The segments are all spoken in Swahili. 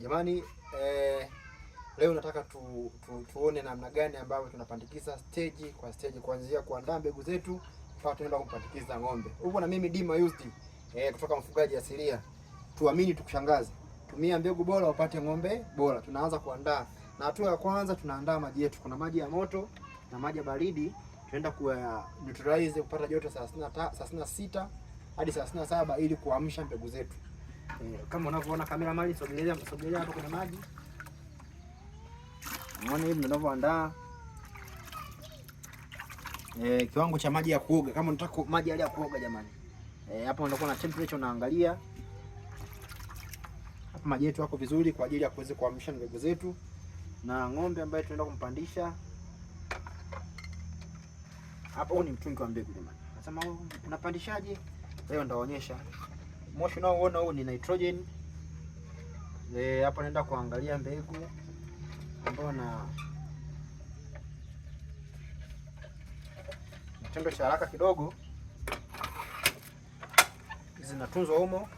Jamani eh, leo nataka tu, tu, tuone namna gani ambavyo tunapandikiza stage kwa stage kuanzia kuandaa mbegu zetu mpaka tunaenda kupandikiza ng'ombe. Huko na mimi Dima Used eh, kutoka mfugaji asilia. Tuamini tukushangaze. Tumia mbegu bora upate ng'ombe bora. Tunaanza kuandaa. Na hatua ya kwanza tunaandaa maji yetu. Kuna maji ya moto na maji ya baridi. Tunaenda ku neutralize kupata joto 36 hadi 37 ili kuamsha mbegu zetu. Eh, kama unavyoona kamera mali, sogelea sogelea hapo kwenye maji, muone hivi ninavyoandaa e, eh, kiwango cha maji ya kuoga. Kama unataka maji yale ya kuoga jamani, eh, hapa e, unakuwa na temperature unaangalia hapa. Maji yetu yako vizuri kwa ajili ya kuweza kuamsha mbegu zetu na ng'ombe ambaye tunaenda kumpandisha hapa. Huu ni mtungi wa mbegu jamani. Nasema oh, unapandishaje? Leo ndaonyesha moshi unaoona huu ni nitrogen. E, hapa naenda kuangalia mbegu ambayo na kitendo cha haraka kidogo, zinatunzwa humo.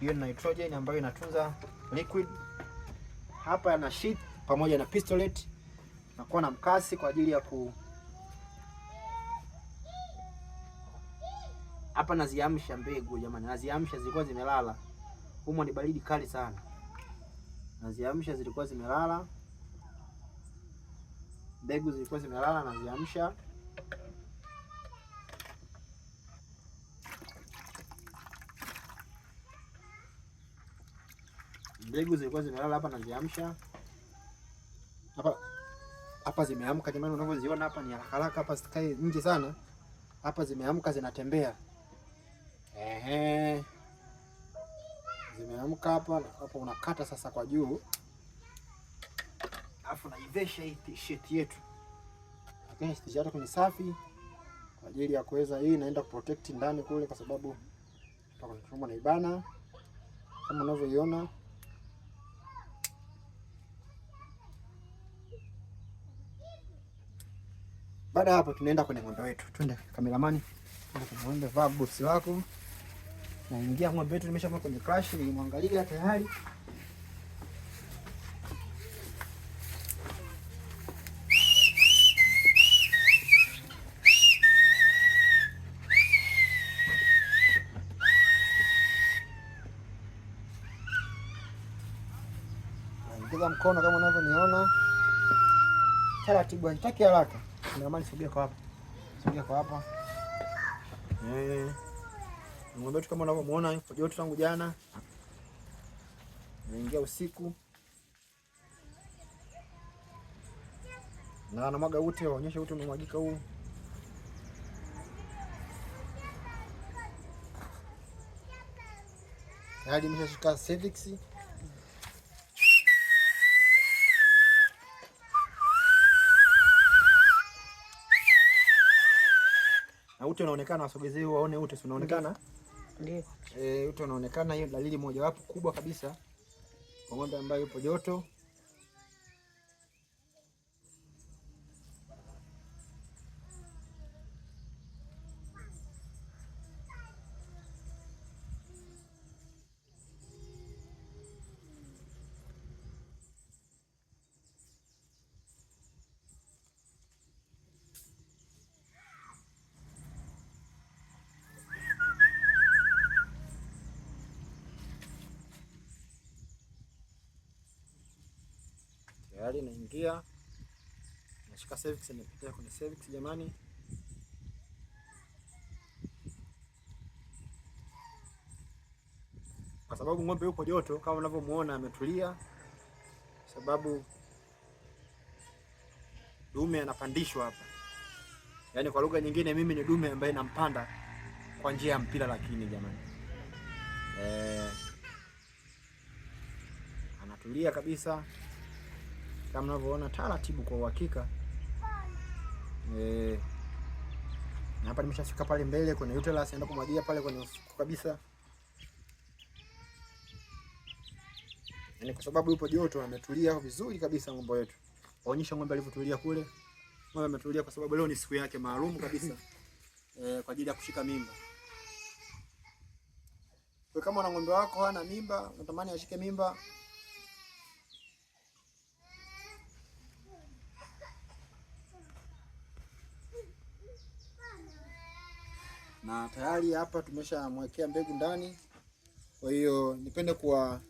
Hiyo ni nitrogen ambayo inatunza liquid. Hapa na sheath pamoja na pistolate, nakuwa na mkasi kwa ajili ya ku Hapa naziamsha mbegu jamani, naziamsha zilikuwa zimelala humo, ni baridi kali sana. Naziamsha zilikuwa zimelala, mbegu zilikuwa zimelala, naziamsha mbegu zilikuwa zimelala hapa, naziamsha hapa hapa, zimeamka jamani, unavyoziona hapa ni haraka haraka. Hapa sikai nje sana, hapa zimeamka zinatembea Ehe, zimeamka hapa hapo, unakata sasa kwa juu, alafu naivesha hii t-shirt yetu, lakini t-shirt yetu ni safi kwa ajili ya kuweza, hii inaenda kuprotect ndani kule, kwa sababu toka na ibana kama unavyoiona Baada ya hapo tunaenda kwenye mwendo wetu, twende kameramani, kwenye mwendo, Vaa bosi wako naingia ng'ombe wetu, nimesha kwenye crash, nilimwangalia tayari naingiza mkono kama unavyoniona taratibu, haitaki haraka. Ndio maana sogea kwa hapa, sogea kwa hapa eh. Ng'ombe wetu kama unavyomuona, mfujo tangu jana naingia usiku na anamwaga ute, waonyeshe ute umemwagika huu. Tayari imeshashika cervix na ute unaonekana, wasogezee waone ute unaonekana ndio eh, yote unaonekana. Hiyo dalili mojawapo kubwa kabisa kwa ng'ombe ambayo yupo joto naangalia, naingia nashika cervix, napitia kwenye cervix jamani. Kwa sababu ng'ombe yuko joto kama unavyomuona ametulia, sababu dume anapandishwa hapa. Yaani kwa lugha nyingine, mimi ni dume ambaye nampanda kwa njia ya mpira, lakini jamani eh, anatulia kabisa kama mnavyoona taratibu kwa uhakika. Eh, hapa nimeshafika pale mbele kwenye uterus, naenda kumwagia pale kwenye ufuko kabisa, yaani kwa sababu yupo joto, ametulia vizuri kabisa ng'ombe wetu. Waonyesha ng'ombe alivyotulia kule. Ng'ombe ametulia kwa sababu leo ni siku yake maalum kabisa e, kwa ajili ya kushika mimba. Kwa kama una ng'ombe wako hana mimba, unatamani ashike mimba na tayari hapa tumeshamwekea mbegu ndani. Kwa hiyo nipende kuwa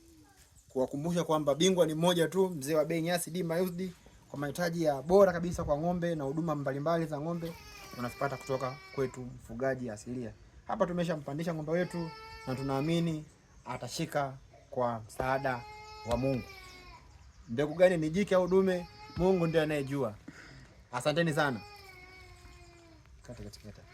kuwakumbusha kwamba bingwa ni mmoja tu, mzee wa bei Nyasi D Mayusdi, kwa mahitaji ya bora kabisa kwa ng'ombe na huduma mbalimbali za ng'ombe unazipata kutoka kwetu mfugaji asilia. Hapa tumeshampandisha ng'ombe wetu na tunaamini atashika kwa msaada wa Mungu. Mbegu gani ni jike au dume? Mungu ndiye anayejua. Asanteni sana. Kata, kata, kata.